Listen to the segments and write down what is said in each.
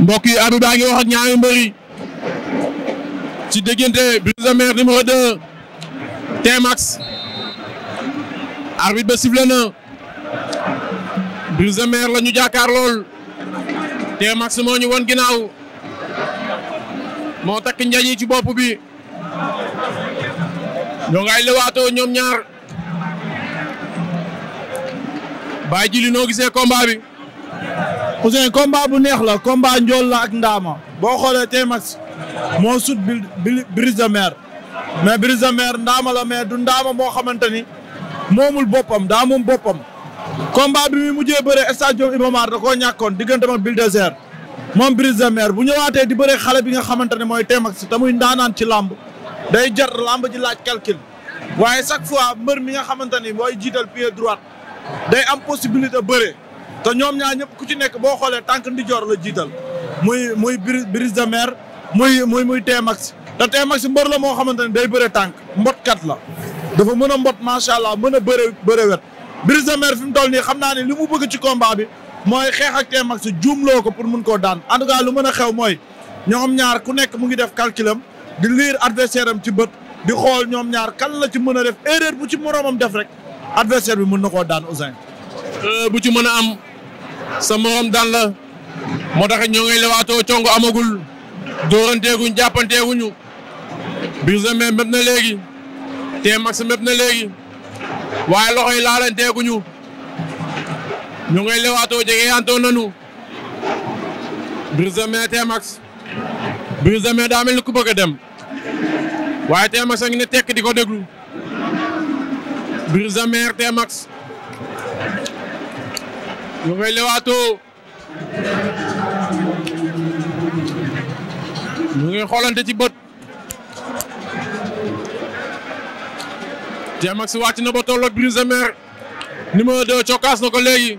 mbokk yi abi baa ngi wax ak ci déggante Brise de Mer numéro 2 Tmax arbitre ba sifflé na Brise de Mer la ñu jàkkaar lool Tmax moo ñu won ginnaaw moo takk njañ yi ci bopp bi ñoo ngay lewaatoo ñoom ñaar bàyyi ji li noo gisee combat Ouzin combat bu neex la combat njool la ndaama boo xoolee tey moo sut Brise de Mer mais Brise de Mer ndaama la mais du ndaama moo xamante ni moomul boppam daa moom boppam. combat bi mu mujjee bëre stade Iba Mar da koo ñàkkoon diggante ak Bulldozer moom Brise de Mer bu ñëwaatee di bëre xale bi nga xamante ne mooy Tmax te muy ndaanaan ci lamb day jar lamb ji laaj calcul waaye chaque fois mbër mi nga xamante ni mooy jiital pied droit day am possibilité bëre. te ñoom ñaar ñëpp ku ci nekk boo xoolee tànk joor la jiital muy muy brise de mer muy muy muy Tmax te Tmax mbër la moo xamante ne day bëre tànk mbotkat la dafa mën a mbot macha allah mën a bëre bëre wet brise de mer fi mu toll nii xam naa ne li mu bëgg ci combat bi mooy xeex ak Tmax juumloo ko pour mun koo daan en tout cas lu mën a xew mooy ñoom ñaar ku nekk mu ngi def calculam di liir adversaire am ci bët di xool ñoom ñaar kan la ci mën a def erreur bu ci moroomam def rek adversaire bi mën na koo daan Ouzin euh, bu sa morom daan la moo tax ñoo ngay lewaatoo congo amagul dóoranteeguñ jàppanteeguñu Brise de Mer na léegi te max mépp na léegi waaye loxo yi laalanteeguñu ñoo ngay lewaatoo jege yantoo nanu Brise de Mer te max Brise de daa mel ni ku bëgg a dem waaye te max a ngi ne tekk di ko déglu Brise de Mer ñu koy lewaatoo ñu xoolante ci bët Diamax wàcc na ba tolloog Brise de Mer numéro 2 cokkaas na ko léegi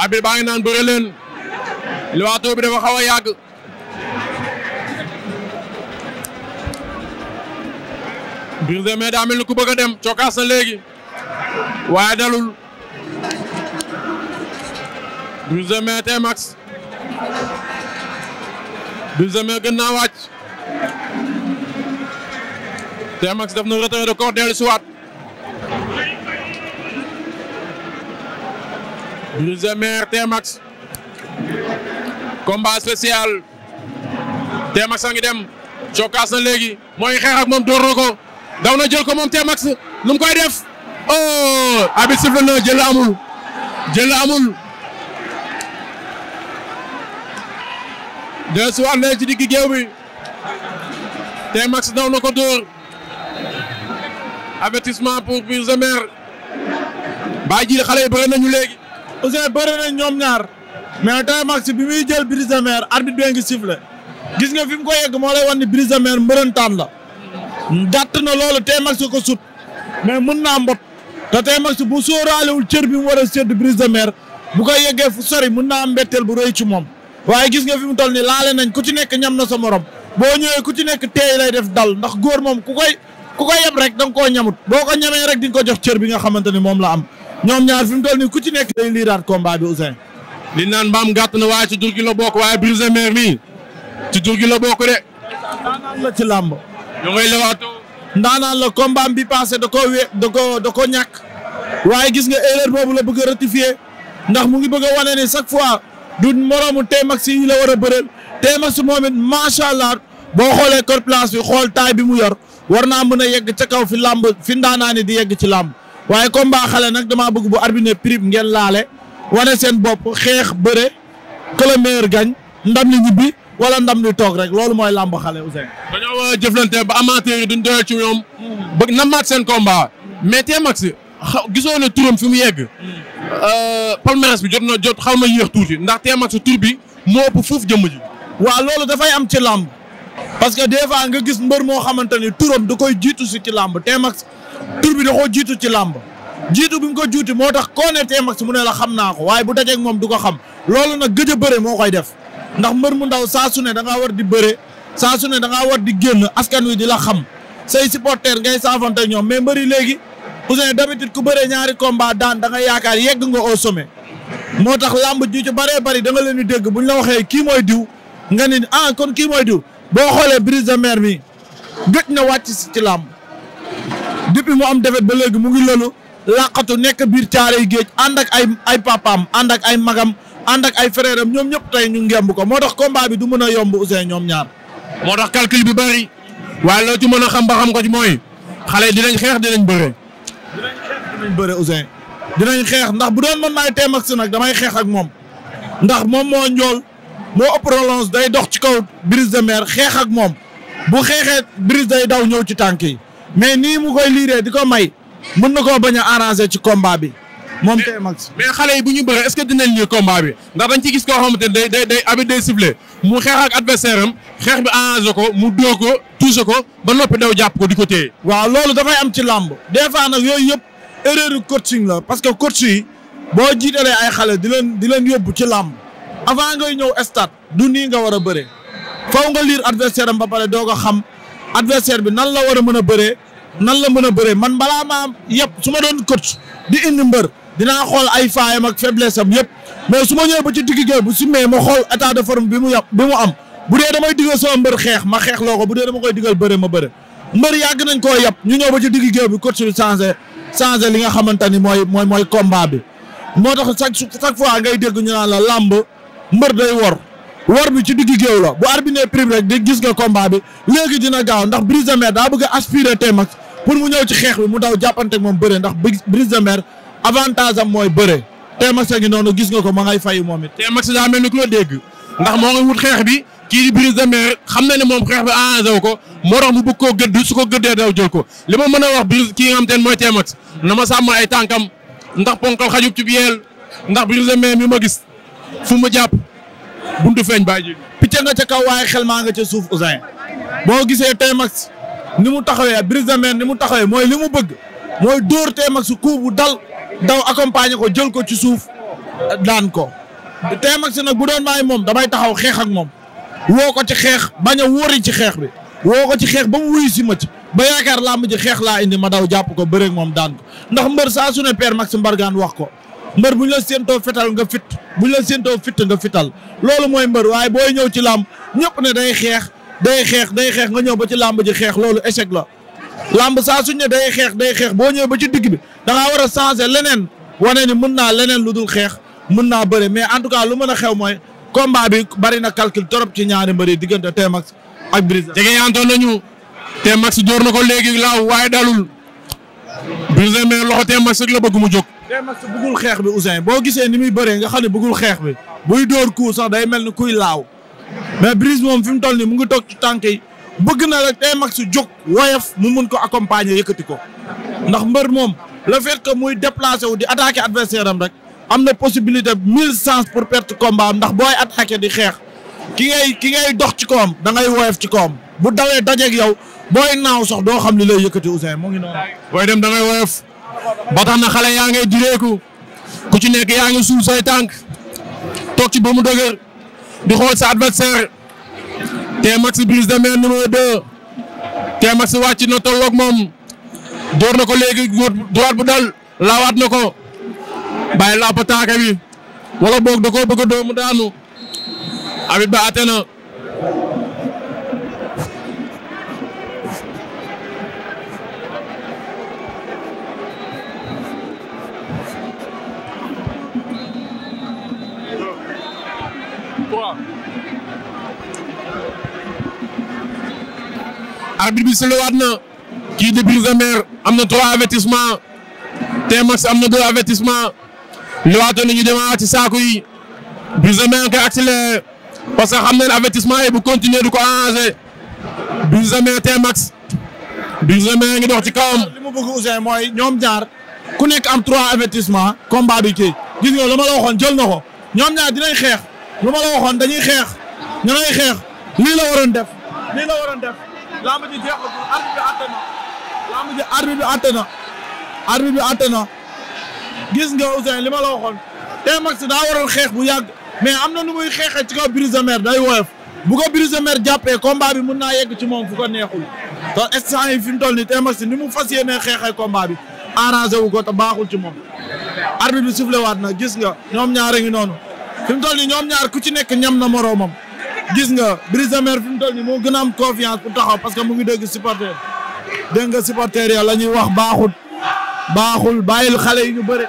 arbitre baa ngi naan bëre le lewaatoo bi dafa xaw a yàgg Brise de Mer daa mel ni ku bëgg a dem cokkaas na léegi waaye dalul Brise de Mer Tmax Brise de Mer gën naa wàcc Tmax daf na de corps dellu si Mer Tmax combat spécial Tmax a ngi dem cokkaas na léegi mooy xeex ak moom door na ko daw na jël ko moom Tmax lu mu koy def oh abit na jël amul Deux su àndee ci digg géew bi te Max daw na ko dóor avertissement pour Brise de Mer baa ji xale yi bëri nañu léegi. Ousseyn bëri nañ ñoom ñaar mais tey Max bi muy jël Brise de Mer arbitre bi ngi gis nga fi mu ko yegg moo lay wan ni Brise de la dàtt na lool tey Max ko sut mais mun naa mbot te tey Max bu sóoraalewul cër bi mu war a sédd bu ko yeggee fu sori mun naa am mbetteel bu rëy ci moom. waaye gis nga fi mu toll nii laale nañ ku ci nekk ñam na sa morom boo ñëwee ku ci nekk teey lay def dal ndax góor moom ku koy ku koy yeb rek da ko koo ñamut boo ko ñamee rek di nga ko jox cër bi nga xamante ni moom la am ñoom ñaar fi mu toll nii ku ci nekk day liiraat combat bi Ousseyn. li naan mbaam gàtt na waaye ci jur gi la bokk waaye Brise Mer mi ci jur gi la bokk de. ndaanaan la ci làmb. ñu ngay lewaatoo. la combat bi passé da koo da koo da koo ñàkk waaye gis nga erreur boobu la bëgg a ndax mu ngi bëgg a wane ne fois du moroomu Tmax yi la war a bëreel Tmax moom it macha allah boo xoolee cor place bi xool taay bi mu yor war naa mën a yegg ca kaw fi làmb fi ndaanaani di yegg ci làmb waaye combat xale nag damaa bëgg bu arbitre prime ngeen laale wane seen bopp xeex bëre que le meilleur gagne ndam li ñibbi wala ndam li toog rek loolu mooy làmb xale Ousseyn. dañoo war a jëflante ba amateur yi duñ doyoo ci ñoom. bëgg seen combat mais Tmax xaw gisoo ne turam fi mu yegg. Euh, palmarès bi jot na jot xaw na yéex tuuti ndax teem ak sa tur bi moo ëpp fuuf jëmm ji. waa loolu dafay am ci làmb. parce que des fois nga gis mbër moo xamante ni turam da koy jiitu si ci làmb teem ak tur bi da koo jiitu ci làmb. jiitu bi mu ko juuti moo tax koo ne teem ak mu ne la xam naa ko waaye bu dajeeg moom du ko xam loolu nag gëj a bëre moo koy def ndax mbër mu ndaw saa su ne da ngaa war di bëre saa su ne da ngaa war di génn askan wi di la xam say supporter ngay saafante ñoom mais mbëri léegi Ouzin d'habitude ku bëree ñaari combat daan da nga yaakaar yegg nga au sommet moo tax làmb ji ci bëree bëri da leen di dégg bu ñu la waxee kii mooy diw nga ni ah kon kii mooy diw boo xoolee Brise de Mer mi gëj na wàcc ci làmb depuis mu am defet ba léegi mu ngi lolu làqatu nekk biir caare géej ànd ak ay ay papaam ànd ak ay magam ànd ak ay frère ñoom ñëpp tey ñu ngemb ko moo tax combat bi du mën a yomb Ouzin ñoom ñaar. moo tax calcul bi bëri waaye loo ci mën a xam ba ko ci mooy xale dinañ xeex dinañ bëre. dinañ bëre Ousseyn dinañ xeex ndax bu doon man maay teem ak si nag damay xeex ak moom ndax moom moo njool moo ëpp relance day dox ci kaw brise de mer xeex ak moom bu xeexee brise day daw ñëw ci tànk yi mais nii mu koy liiree di ko may mën na ko bañ a arranger ci combat bi moom tey max mais xale yi bu ñu bëree est-ce que dinañ lii bi ndax dañ ci gis koo xamante day day day abi day sifflé mu xeex ak adversaire am xeex bi arrangé ko mu dóor ko touché ko ba noppi daw jàpp ko di ko téye waaw lool dafay am ci làmb erreur coaching la parce que coach yi boo jiitalee ay xale di leen di yóbbu ci làmb avant ngay ñëw stade du nii nga war a bëree faw nga liir adversaire am ba pare doo ko xam adversaire bi nan la war a mën a bëree nan la mën a bëree man balaa maa yëpp su ma doon coach di indi mbër dinaa xool ay faayam ak faiblesse am yëpp mais su ma ñëwee ba ci digg géew bu simmee ma xool état de forme bi mu yàpp mu am bu dee damay digal sama mbër xeex ma xeex loo ko bu dee dama koy digal bëre ma bëre mbër yàgg nañ koo yàpp ñu ñëw ba ci bi coach changé changer li nga xamante ni mooy mooy mooy combat bi moo tax chaque chaque fois ngay dégg ñu naan la làmb mbër day wor wor bi ci digg géew la bu arbitre prime rek di gis nga combat bi léegi dina gaaw ndax Brise de Mer daa bëgg a aspirer Tmax pour mu ñëw ci xeex bi mu daw jàppante ak moom bëre ndax Brise de Mer avantage am mooy bëre Tmax a ngi noonu gis nga ko ma ngay fay moom it. Tmax daa mel ni ku la dégg ndax moo ngi wut xeex bi. kii di Brise de Mer xam na ne moom xeex bi arrangé wu ko moo tax mu bëgg koo gëdd su ko gëddee daw jël ko li ma mën a wax Brise kii nga xam te ne mooy Tmax na ma sàmm ay tànkam ndax ponkal xajub ci yeel ndax Brise de Mer mi ma gis fu mu jàpp buntu feeñ baa ji. nga ca kaw waaye xel maa nga ca suuf Ousseyn boo gisee Tmax ni mu taxawee Brise de Mer ni mu taxawee mooy li mu bëgg mooy dóor Tmax su coup bu dal daw accompagner ko jël ko ci suuf daan ko Tmax nag bu doon maay moom damay taxaw xeex ak moom. woo ko ci xeex bañ a wóori ci xeex bi woo ko ci xeex ba mu wuyu si ma ci ba yaakaar làmb ji xeex laa indi ma daw jàpp ko bëreeg moom daan ko ndax mbër saa sune ne père Max Mbargane wax ko mbër bu ñu la séentoo fetal nga fit bu ñu la séentoo fit nga fital loolu mooy mbër waaye booy ñëw ci làmb ñëpp ne day xeex day xeex day xeex nga ñëw ba ci làmb ji xeex loolu échec la làmb saa suñ ne day xeex day xeex boo ñëwee ba ci digg bi da ngaa war a leneen wane ni mën naa leneen lu dul xeex mën naa bëre mais en tout cas lu mën a xew mooy combat bi bari na calcul trop ci ñaari mbëri diggante Tmax ak Brise. jege yaantoon nañu Tmax door na ko léegi laaw waaye dalul Brise mais loxo Tmax rek la bëgg mu jóg. Tmax bëggul xeex bi Ousseyn boo gisee ni muy bëree nga xam ne bëggul xeex bi buy door ku sax day mel ni kuy laaw mais Brise moom fi mu toll nii mu ngi toog tànk yi bëgg na rek Tmax jóg woyof mu mun ko accompagner yëkkati ko ndax mbër moom le fait que muy déplacé wu di attaqué adversaire am rek. am na possibilité mille chances pour perte combat ndax booy attaqué di xeex ki ngay ki ngay dox ci koom da ngay woyof ci koom bu dawee dajeeg yow booy naaw sox doo xam li lay yëkkati Ousseyn mu ngi noonu. booy dem da ngay woyof ba tax na xale yaa ngay direeku ku ci nekk yaa ngi suuf say tànk toog ci ba mu dëgër di xool sa adversaire Tmax Brise de Mer numéro 2 Tmax wàcc na tolloog moom door na ko léegi góor droite bu dal laawaat na ko. bàyyi la pataaka bi wala boog da koo bëgg a daanu abit ba àtte na arbitre bi sëlewaat na kii de Brise am na trois avertissement Tmax am na deux avertissement liwaatoo nañu demaat ci saako yi Brise de Mer koy accéléré parce que xam nañ avertissement yi bu continuer du ko arrangé Brise de Mer T-Max Brise dox ci kawam. li mu bëgg Ousseyn mooy ñoom ñaar ku nekk am trois avertissement combat bi kii gis nga lu waxoon jël na ko ñoom ñaar dinañ xeex lu ma waxoon dañuy xeex ñu lay xeex lii la waroon def lii la waroon def lamb ji jeexagul arbitre ji arbitre bi àtte na arbitre gis nga Ousseyn li ma la waxoon Tmax daa waroon xeex bu yàgg mais am na nu muy xeexee ci kaw Brise de Mer day woyof bu ko Brise de Mer jàppee combat bi mun naa yegg ci moom fu ko neexul te instant yi fi mu toll nii Tmax ni mu fas yéenee xeexee combat bi arrangé wu ko te baaxul ci moom. arbitre bi soufflé waat na gis nga ñoom ñaar a noonu fi mu toll ñoom ñaar ku ci nekk ñam na moroomam gis nga Brise de Mer fi mu toll nii moo gën a am confiance pour taxaw parce que mu ngi dégg supporter dégg nga supporter ya la ñuy wax baaxul baaxul bàyyil xale yi ñu bëre.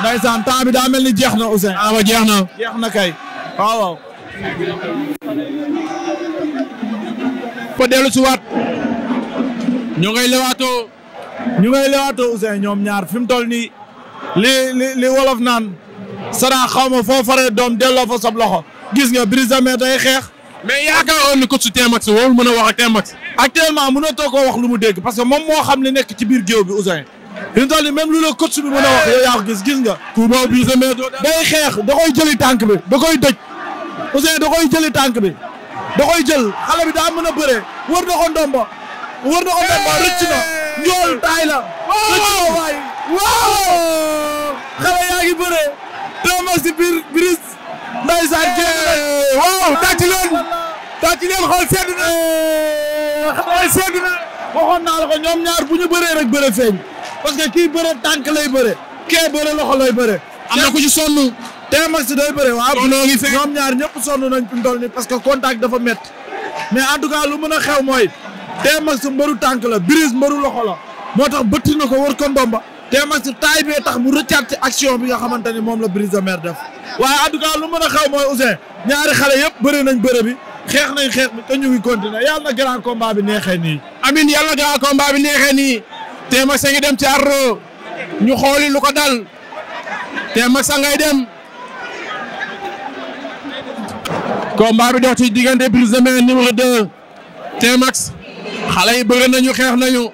ndaysaan temps bi daa mel ni jeex na Ousseyn. ah ba jeex na. jeex na kay waaw waaw. fa dellu si waat. ñu ngay lewaatoo. ñu ngay lewaatoo Ousseyn ñoom ñaar fi mu toll nii. li li li wolof naan. Sara xaw ma foo faree doom delloo fa sab loxo. gis nga Brise de Mer day xeex. mais yaakaaroon ni coach su Tmax warul mën a wax ak Tmax. mu mënatoo koo wax lu mu dégg parce que moom moo xam li nekk ci biir géew bi Ousseyn. fi mu toll nii même lu la coach mën a wax yow yaa ko gis gis nga. ku boobu bii mais doo day xeex da koy jëli tànk bi da koy dëj. Ousseyn da koy tànk bi da koy jël xale bi daa mën a bëree wër na ko ndomba. wër na ko ndomba rëcc na njool taay oh, waaw. xale yaa ngi bëree. dama si biir bris. ndeysaan jéem waaw tàcc leen tàcc leen xool sedd na xool sedd na ñoom ñaar bu ñu bëree rek bëree feeñ. parce que kii bëre tànk lay bëre kee bëre loxo lay bëre. am na ku ci sonn. Tmax day bëre waaw. ñoom ñaar ñëpp sonn nañ fi nii parce que contact dafa métti. mais en tout cas lu mën a xew mooy. Tmax mbëru tànk la Brise mbëru loxo la. moo tax bëtt na ko war ko ndomba. Tmax taay bee tax mu rëccaat ci bi nga xamante ni moom la Brise da Mer def. waaye en tout lu mën a xew mooy Ousseyn ñaari xale yëpp bëri nañ bëre xeex nañ xeex bi te ñu ngi na grand combat bi neexee nii. amiin yàlla na grand combat bi neexee Téemax a ngi dem ci Ardo ñu xooli lu ko dal Téemax a ngay dem. combat bi dox ci diggante Brise de Mer numéro 2 Téemax xale yi bëri nañu xeex nañu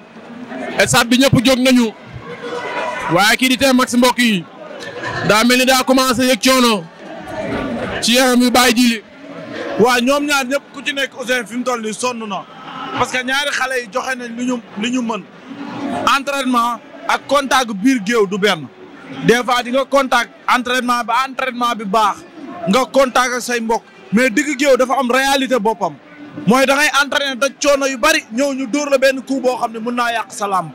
stade bi ñëpp jóg nañu waaye kii di Téemax mbokk yi daa mel ni daa commencé yëg coono ci yaram yu bàyyi ji li. waaw ñoom ñaar ñëpp ku ci nekk Ousseyn fi mu toll nii sonn na parce que ñaari xale yi joxe nañ li ñu ñu mën. entraînement ak contact biir géew du benn des fois di nga contact entraînement bi entraînement bi baax nga contact say mbokk mais digg géew dafa am réalité boppam mooy da ngay entraîné daj coono yu bari ñëw ñu dóor la benn coup boo xam ne mun naa yàq sa làmb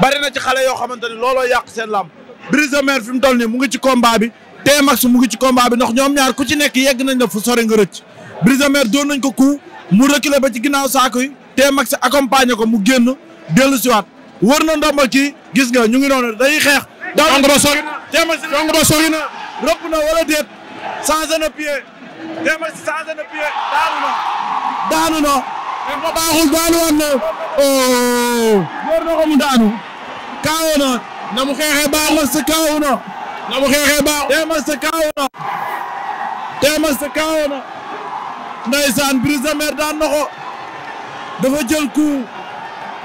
bari na ci xale yoo xamante ne looloo yàq seen làmb Brise de Mer fi mu toll nii mu ngi ci combat bi Tmax mu ngi ci combat bi ndox ñoom ñaar ku ci nekk yegg nañ la fu sore nga rëcc Brise de doon nañ ko coup mu reculé ba ci ginnaaw saako yi Tmax accompagné ko mu génn dellu siwaat wër na ndomba kii gis nga ñu ngi noonu dañuy xeex. daaw nga ba sori teema na. rëpp na wala déet changé na pied teema si changé na pied daanu na. daanu na. mais oh. wër na ko daanu. kaaw na. na mu xeexee baaxul si kaaw na. na mu xeexee baaxul. teema si kaaw na. teema si kaaw na. daan na ko. dafa jël coup.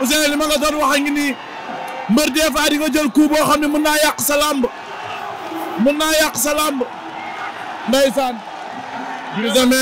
Ousseyn li ma nga doon wax a ngi nii mbër des fois di nga jël coup boo xam ne mën naa yàq sa làmb mën naa yàq sa làmb